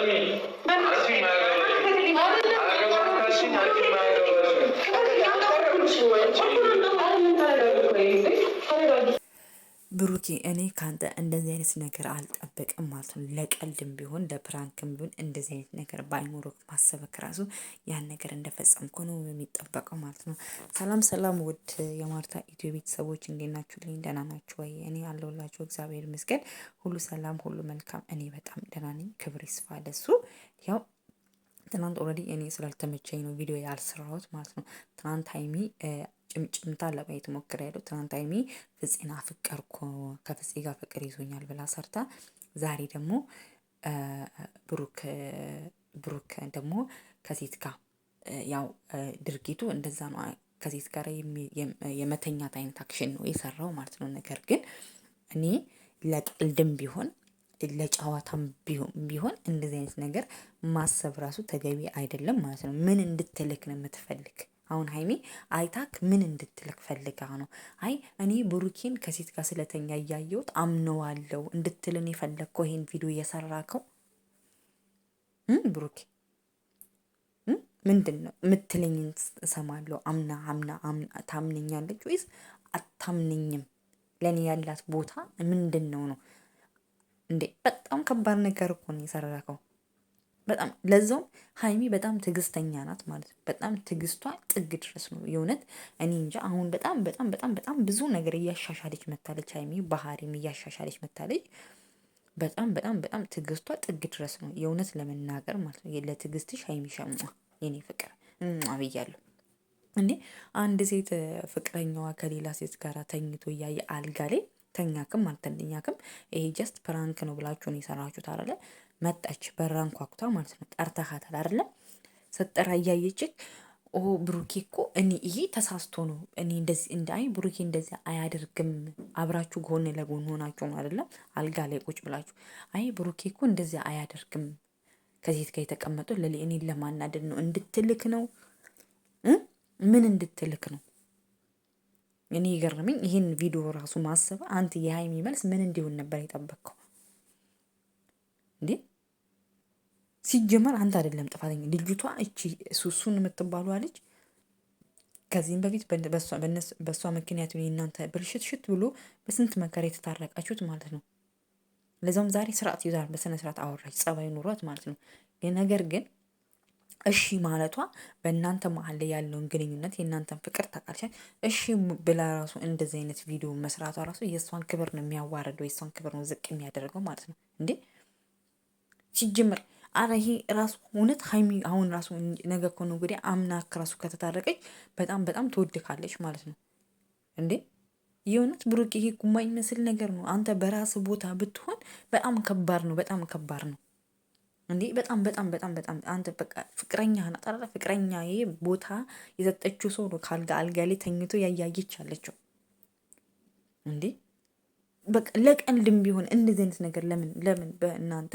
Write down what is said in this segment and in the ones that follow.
ስሚ ብሩኬ እኔ ካንተ እንደዚህ አይነት ነገር አልጠበቅም ማለት ነው። ለቀልድም ቢሆን ለፕራንክም ቢሆን እንደዚህ አይነት ነገር ባይኖርክ ማሰበክ ራሱ ያን ነገር እንደፈጸምክ ነው የሚጠበቀው ማለት ነው። ሰላም ሰላም፣ ውድ የማርታ ኢትዮ ቤተሰቦች እንዴት ናችሁ? ልኝ ደህና ናችሁ ወይ? እኔ አለሁላችሁ። እግዚአብሔር ይመስገን፣ ሁሉ ሰላም፣ ሁሉ መልካም። እኔ በጣም ደህና ነኝ። ክብር ይስፋ ለሱ ያው ትናንት ኦልሬዲ እኔ ስላልተመቸኝ ነው ቪዲዮ ያልሰራሁት ማለት ነው። ትናንት ሀይሚ ጭምጭምታ ለማየት ያለው ትናንት ሀይሚ ፍፄን አፍቀርኩ ከፍፄ ጋር ፍቅር ይዞኛል ብላ ሰርታ፣ ዛሬ ደግሞ ብሩክ ብሩክ ደግሞ ከሴት ጋር ያው ድርጊቱ እንደዛ ነው። ከሴት ጋር የመተኛት አይነት አክሽን ነው የሰራው ማለት ነው። ነገር ግን እኔ ለቀልድም ቢሆን ለጨዋታም ቢሆን እንደዚህ አይነት ነገር ማሰብ ራሱ ተገቢ አይደለም ማለት ነው። ምን እንድትልክ ነው የምትፈልግ? አሁን ሀይሚ አይታክ ምን እንድትልክ ፈልጋ ነው? አይ እኔ ብሩኬን ከሴት ጋር ስለተኛ እያየሁት አምነዋለው እንድትልን የፈለግከው ይሄን ቪዲዮ እየሰራከው ብሩኬ ምንድን ነው የምትለኝን እሰማለሁ። አምና አምና ታምነኛለች ወይስ አታምነኝም? ለእኔ ያላት ቦታ ምንድን ነው ነው እንዴ? በጣም ከባድ ነገር እኮ ነው በጣም ለዛውም ሀይሚ በጣም ትዕግስተኛ ናት ማለት ነው። በጣም ትዕግስቷ ጥግ ድረስ ነው። የእውነት እኔ እንጃ አሁን በጣም በጣም በጣም በጣም ብዙ ነገር እያሻሻለች መታለች። ሀይሚ ባህሪም እያሻሻለች መታለች። በጣም በጣም በጣም ትዕግስቷ ጥግ ድረስ ነው። የእውነት ለመናገር ማለት ነው። ለትዕግስትሽ ሀይሚ ሸሟ የኔ ፍቅር ብያለሁ። እንዴ አንድ ሴት ፍቅረኛዋ ከሌላ ሴት ጋር ተኝቶ እያየ አልጋ ላይ ከኛ ከኛክም አልተልኛክም ይሄ ጀስት ፕራንክ ነው ብላችሁ ነው የሰራችሁት አይደለ? መጣች በራን ኳኩታ ማለት ነው። ጠርተሃታል አይደለ? ስትጠራ እያየችህ ኦ ብሩኬ እኮ እኔ ይሄ ተሳስቶ ነው እኔ እንደዚህ እንደ አይ ብሩኬ እንደዚህ አያደርግም። አብራችሁ ጎን ለጎን ሆናችሁ ነው አይደለም? አልጋ ላይ ቁጭ ብላችሁ አይ ብሩኬ እኮ እንደዚህ አያደርግም ከሴት ጋር የተቀመጡ ለእኔን ለማናደድ ነው እንድትልክ ነው ምን እንድትልክ ነው እኔ የገረመኝ ይህን ቪዲዮ ራሱ ማሰብ አንተ የሀይሚ መልስ ምን እንዲሆን ነበር የጠበቅከው እንዴ? ሲጀመር አንተ አይደለም ጥፋተኛ። ልጅቷ እቺ ሱሱን የምትባሉ ልጅ ከዚህም በፊት በእሷ ምክንያት እናንተ ብልሽትሽት ብሎ በስንት መከራ የተታረቃችሁት ማለት ነው። ለዛውም ዛሬ ስርዓት ይዛል፣ በስነ ስርዓት አወራች፣ ጸባይ ኑሯት ማለት ነው። ነገር ግን እሺ ማለቷ በእናንተ መሀል ላይ ያለውን ግንኙነት የእናንተን ፍቅር ታቃልሻል። እሺ ብላ ራሱ እንደዚህ አይነት ቪዲዮ መስራቷ ራሱ የእሷን ክብር ነው የሚያዋርደው፣ የእሷን ክብር ነው ዝቅ የሚያደርገው ማለት ነው እንዴ ሲጀምር። አረ ይሄ ራሱ እውነት ሀይሚ አሁን ራሱ ነገ ከሆነ እንግዲህ አምናክ ራሱ ከተታረቀች በጣም በጣም ትወድካለች ማለት ነው እንዴ። የእውነት ብሩክ ይሄ ጉማኝ መስል ነገር ነው። አንተ በራስ ቦታ ብትሆን በጣም ከባድ ነው፣ በጣም ከባድ ነው። እንዴ በጣም በጣም በጣም በጣም አንተ በቃ ፍቅረኛ ናጠራ ፍቅረኛ ይ ቦታ የሰጠችው ሰው ነው። ካልጋ አልጋ ላይ ተኝቶ ያያየች አለችው እንዴ በቃ ለቀልድም ቢሆን እንደዚህ አይነት ነገር ለምን ለምን በእናንተ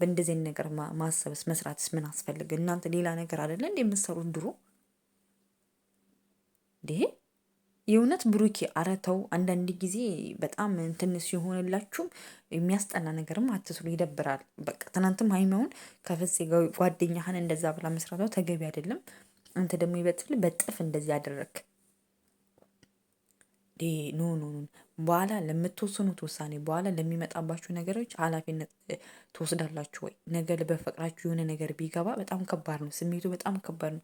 በእንደዚህ አይነት ነገር ማሰብስ መስራትስ ምን አስፈልግ? እናንተ ሌላ ነገር አይደለ እንዴ የምትሰሩት ድሮ እንዴ የእውነት ብሩኬ አረተው አንዳንድ ጊዜ በጣም እንትን ሲሆንላችሁም የሚያስጠላ ነገርም አትስሉ፣ ይደብራል። በቃ ትናንትም ሀይሚውን ከፍጼ ጓደኛህን እንደዛ ብላ መስራቷ ተገቢ አይደለም። አንተ ደግሞ ይበትል በጥፍ እንደዚህ አደረግ ኖ ኖ ኖ። በኋላ ለምትወስኑት ውሳኔ በኋላ ለሚመጣባችሁ ነገሮች ኃላፊነት ትወስዳላችሁ ወይ? ነገ በፍቅራችሁ የሆነ ነገር ቢገባ በጣም ከባድ ነው። ስሜቱ በጣም ከባድ ነው።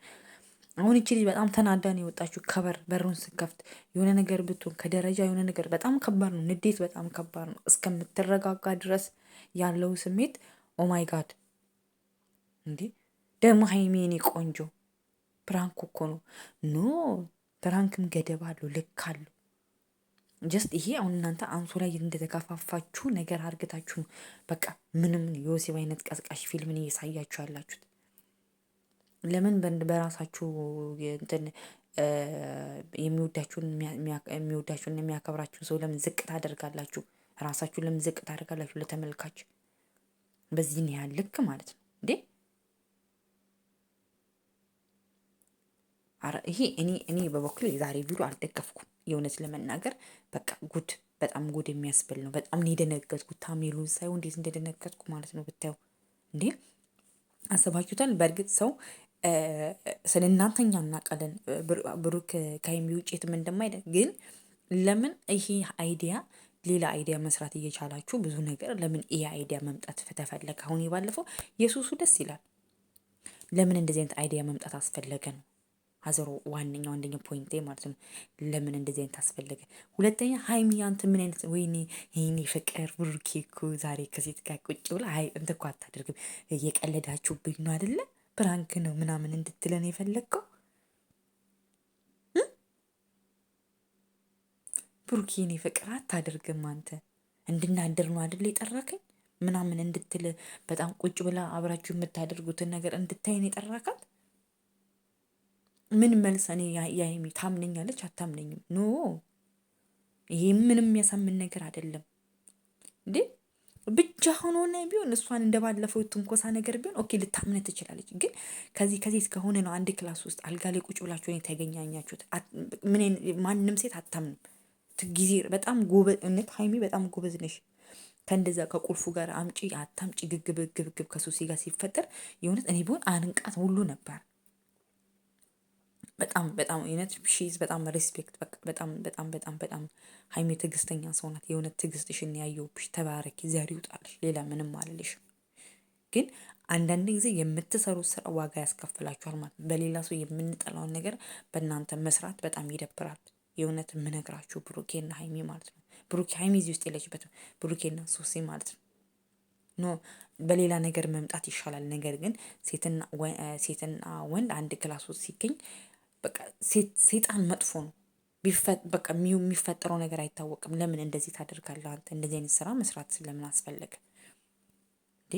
አሁን ይቺ ልጅ በጣም ተናዳን ነው የወጣችው። ከበር በሩን ስከፍት የሆነ ነገር ብትሆን ከደረጃ የሆነ ነገር በጣም ከባድ ነው። ንዴት በጣም ከባድ ነው። እስከምትረጋጋ ድረስ ያለው ስሜት ኦማይ ጋድ እንዴ! ደግሞ ሀይሚ የኔ ቆንጆ ፕራንክ እኮ ነው። ኖ ፕራንክም ገደብ አለው፣ ልክ አለው። ጀስት ይሄ አሁን እናንተ አንሶ ላይ እንደተከፋፋችሁ ነገር አርግታችሁ ነው። በቃ ምንም የወሲብ አይነት ቀስቃሽ ፊልምን እየሳያችሁ ያላችሁት ለምን በራሳችሁ እንትን የሚወዳችሁን የሚወዳችሁን የሚያከብራችሁን ሰው ለምን ዝቅ ታደርጋላችሁ? ራሳችሁን ለምን ዝቅ ታደርጋላችሁ? ለተመልካች በዚህን ያህል ልክ ማለት ነው እንዴ? ኧረ ይሄ እኔ እኔ በበኩል የዛሬ ቪዲዮ አልደገፍኩም። የእውነት ለመናገር በቃ ጉድ፣ በጣም ጉድ የሚያስብል ነው። በጣም ነው የደነገጥኩት። ታሜሉን ሳይሆን እንዴት እንደደነገጥኩ ማለት ነው ብታየው እንዴ አሰባችሁታል። በእርግጥ ሰው ስለ እናንተኛ እናውቃለን። ብሩክ ከሀይሚ ውጭ የትም እንደማይደርስ ግን ለምን ይሄ አይዲያ ሌላ አይዲያ መስራት እየቻላችሁ ብዙ ነገር ለምን ይሄ አይዲያ መምጣት ተፈለገ? አሁን የባለፈው የሱሱ ደስ ይላል። ለምን እንደዚህ አይነት አይዲያ መምጣት አስፈለገ ነው አዘሮ ዋነኛው አንደኛው ፖይንቴ ማለት ነው። ለምን እንደዚህ አይነት አስፈለገ? ሁለተኛ ሀይሚ አንተ ምን አይነት ወይኔ ይህኔ ፍቅር ብሩኬ እኮ ዛሬ ከሴት ጋር ቁጭ ብላ ሀይ እንትን እኮ አታደርግም፣ እየቀለዳችሁብኝ ነው አይደለም ፕራንክ ነው ምናምን እንድትለን የፈለግከው? ብሩኬኔ ፍቅር አታደርግም አንተ። እንድናደር ነው አድል የጠራከኝ ምናምን እንድትል በጣም ቁጭ ብላ አብራችሁ የምታደርጉትን ነገር እንድታይን የጠራካት ምን መልስ? እኔ ያይሚ ታምነኛለች አታምነኝም? ኖ ይሄ ምንም የሚያሳምን ነገር አይደለም እንዴ ብቻ ሆኖ ቢሆን እሷን እንደ ባለፈው ትንኮሳ ነገር ቢሆን ኦኬ ልታምነ ትችላለች። ግን ከዚህ ከዚህ እስከሆነ ነው አንድ ክላስ ውስጥ አልጋ ላይ ቁጭ ብላችሁ ነው የተገኛኛችሁት። ማንም ሴት አታምንም። ጊዜ በጣም ጎበዝ እውነት ሀይሚ በጣም ጎበዝ ነሽ። ከእንደዛ ከቁልፉ ጋር አምጪ አታምጪ ግግብ ግብግብ ከሱሲ ጋር ሲፈጠር የእውነት እኔ ቢሆን አንንቃት ሁሉ ነበር። በጣም በጣም እውነት ሺዝ በጣም ሬስፔክት በቃ በጣም በጣም በጣም በጣም ሀይሜ ትዕግስተኛ ሰው ናት። የእውነት ትዕግስትሽን ያየሁብሽ። ተባረኪ፣ ዘር ይውጣልሽ። ሌላ ምንም አልልሽም። ግን አንዳንድ ጊዜ የምትሰሩት ስራ ዋጋ ያስከፍላችኋል ማለት ነው። በሌላ ሰው የምንጠላውን ነገር በእናንተ መስራት በጣም ይደብራል። የእውነት የምነግራችሁ ብሩኬና ሀይሜ ማለት ነው። ብሩኬ ሀይሜ እዚህ ውስጥ የለችበትም። ብሩኬና ሶሲ ማለት ነው። ኖ በሌላ ነገር መምጣት ይሻላል። ነገር ግን ሴትና ወንድ አንድ ክላስ ውስጥ ሲገኝ በቃ ሴጣን መጥፎ ነው። በቃ የሚፈጠረው ነገር አይታወቅም። ለምን እንደዚህ ታደርጋለህ አንተ? እንደዚህ አይነት ስራ መስራት ስለምን አስፈለገ እንዴ?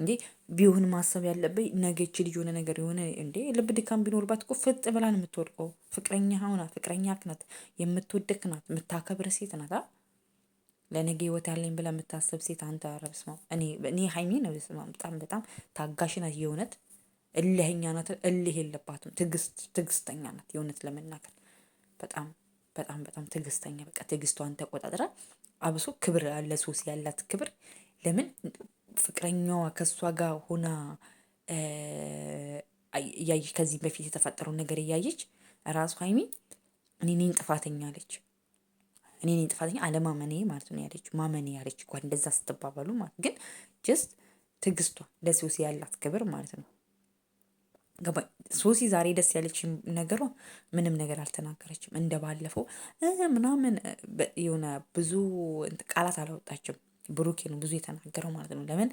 እንዴ ቢሆን ማሰብ ያለብህ ነገች ልጅ የሆነ ነገር የሆነ እንዴ ልብ ድካም ቢኖርባት እኮ ፍጥ ብላ ነው የምትወድቀው። ፍቅረኛ ናት፣ ፍቅረኛ ክናት የምትወደቅ ናት፣ የምታከብር ሴት ናት። ለነገ ህይወት ያለኝ ብላ የምታሰብ ሴት አንተ ረብስማ እኔ እኔ ሀይሜ ነው ስማ። በጣም በጣም ታጋሽ ናት የእውነት እልህኛ ናት። እልህ የለባትም። ትግስት ትግስተኛ ናት። የእውነት ለመናገር በጣም በጣም በጣም ትግስተኛ በቃ ትግስቷን ተቆጣጥራ አብሶ ክብር አለ ሶሲ ያላት ክብር ለምን ፍቅረኛዋ ከእሷ ጋር ሆና እያየች ከዚህ በፊት የተፈጠረውን ነገር እያየች ራሱ ሀይሚ እኔ እኔን ጥፋተኛ አለች። እኔ እኔን ጥፋተኛ አለማመኔ ማለት ነው ያለች ማመኔ ያለች እንኳን እንደዛ ስትባባሉ ማለት ግን ጀስት ትግስቷ ለሶሲ ያላት ክብር ማለት ነው። ገባኝ። ሶሲ ዛሬ ደስ ያለች ነገሯ ምንም ነገር አልተናገረችም። እንደ ባለፈው ምናምን የሆነ ብዙ ቃላት አላወጣችም። ብሩኬ ነው ብዙ የተናገረው ማለት ነው። ለምን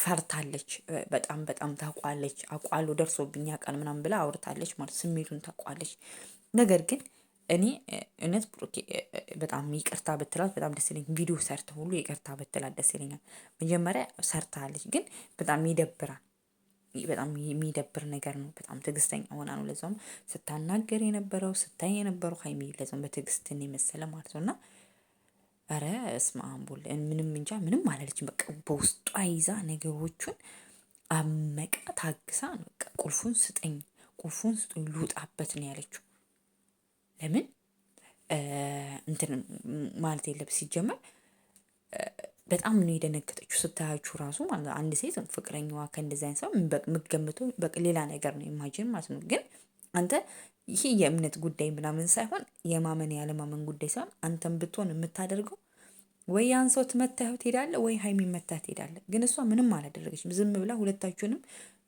ፈርታለች። በጣም በጣም ታውቋለች። አውቃለሁ ደርሶብኛ ቀን ምናምን ብላ አውርታለች ማለት ስሜቱን ታውቋለች። ነገር ግን እኔ እውነት ብሩኬ በጣም ይቅርታ ብትላት በጣም ደስ ይለኛል። ቪዲዮ ሰርተ ሁሉ ይቅርታ ብትላት ደስ ይለኛል። መጀመሪያ ሰርታለች፣ ግን በጣም ይደብራል በጣም የሚደብር ነገር ነው። በጣም ትዕግስተኛ ሆና ነው ለዛውም ስታናገር የነበረው ስታይ የነበረው ሀይሚ ለዛውም በትዕግስትን የመሰለ ማለት ነው እና ኧረ እስማ አምቦል ምንም እንጃ ምንም አላለችም። በቃ በውስጧ ይዛ ነገሮቹን አመቃ ታግሳ ነው በቃ ቁልፉን ስጠኝ ቁልፉን ስጠኝ ልውጣበት ነው ያለችው። ለምን እንትን ማለት የለብ ሲጀመር በጣም ነው የደነገጠችው ስታያችሁ ራሱ ማለት ነው። አንድ ሴት ፍቅረኛዋ ከእንደዚህ አይነት ሰው የምትገምተው ሌላ ነገር ነው ኢማጂን ማለት ነው። ግን አንተ ይሄ የእምነት ጉዳይ ምናምን ሳይሆን የማመን ያለማመን ጉዳይ ሳይሆን አንተም ብትሆን የምታደርገው ወይ ያን ሰው ትመታህ ትሄዳለህ፣ ወይ ሀይሚ መታህ ትሄዳለህ። ግን እሷ ምንም አላደረገችም። ዝም ብላ ሁለታችሁንም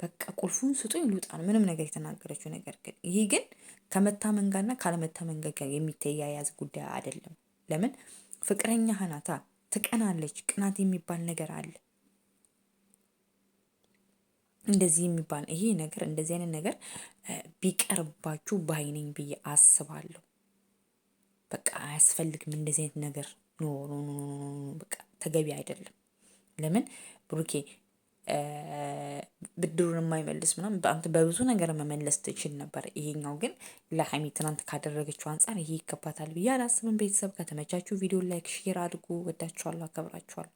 በቃ ቁልፉን ስጡኝ ልውጣን ምንም ነገር የተናገረችው ነገር ግን ይሄ ግን ከመታመን ጋርና ካለመታመን ጋር የሚተያያዝ ጉዳይ አይደለም። ለምን ፍቅረኛ ህናታ ትቀናለች። ቅናት የሚባል ነገር አለ። እንደዚህ የሚባል ይሄ ነገር እንደዚህ አይነት ነገር ቢቀርባችሁ ባይነኝ ብዬ አስባለሁ። በቃ አያስፈልግም። እንደዚህ አይነት ነገር ኖ ኖ ኖ በቃ ተገቢ አይደለም። ለምን ብሩኬ ብድሩን የማይመልስ ምናምን በአንተ በብዙ ነገር መመለስ ትችል ነበር። ይሄኛው ግን ለሀይሚ ትናንት ካደረገችው አንጻር ይሄ ይገባታል ብዬ አላስብም። ቤተሰብ ከተመቻችሁ ቪዲዮ ላይክ፣ ሼር አድርጉ። ወዳችኋለሁ፣ አከብራችኋለሁ።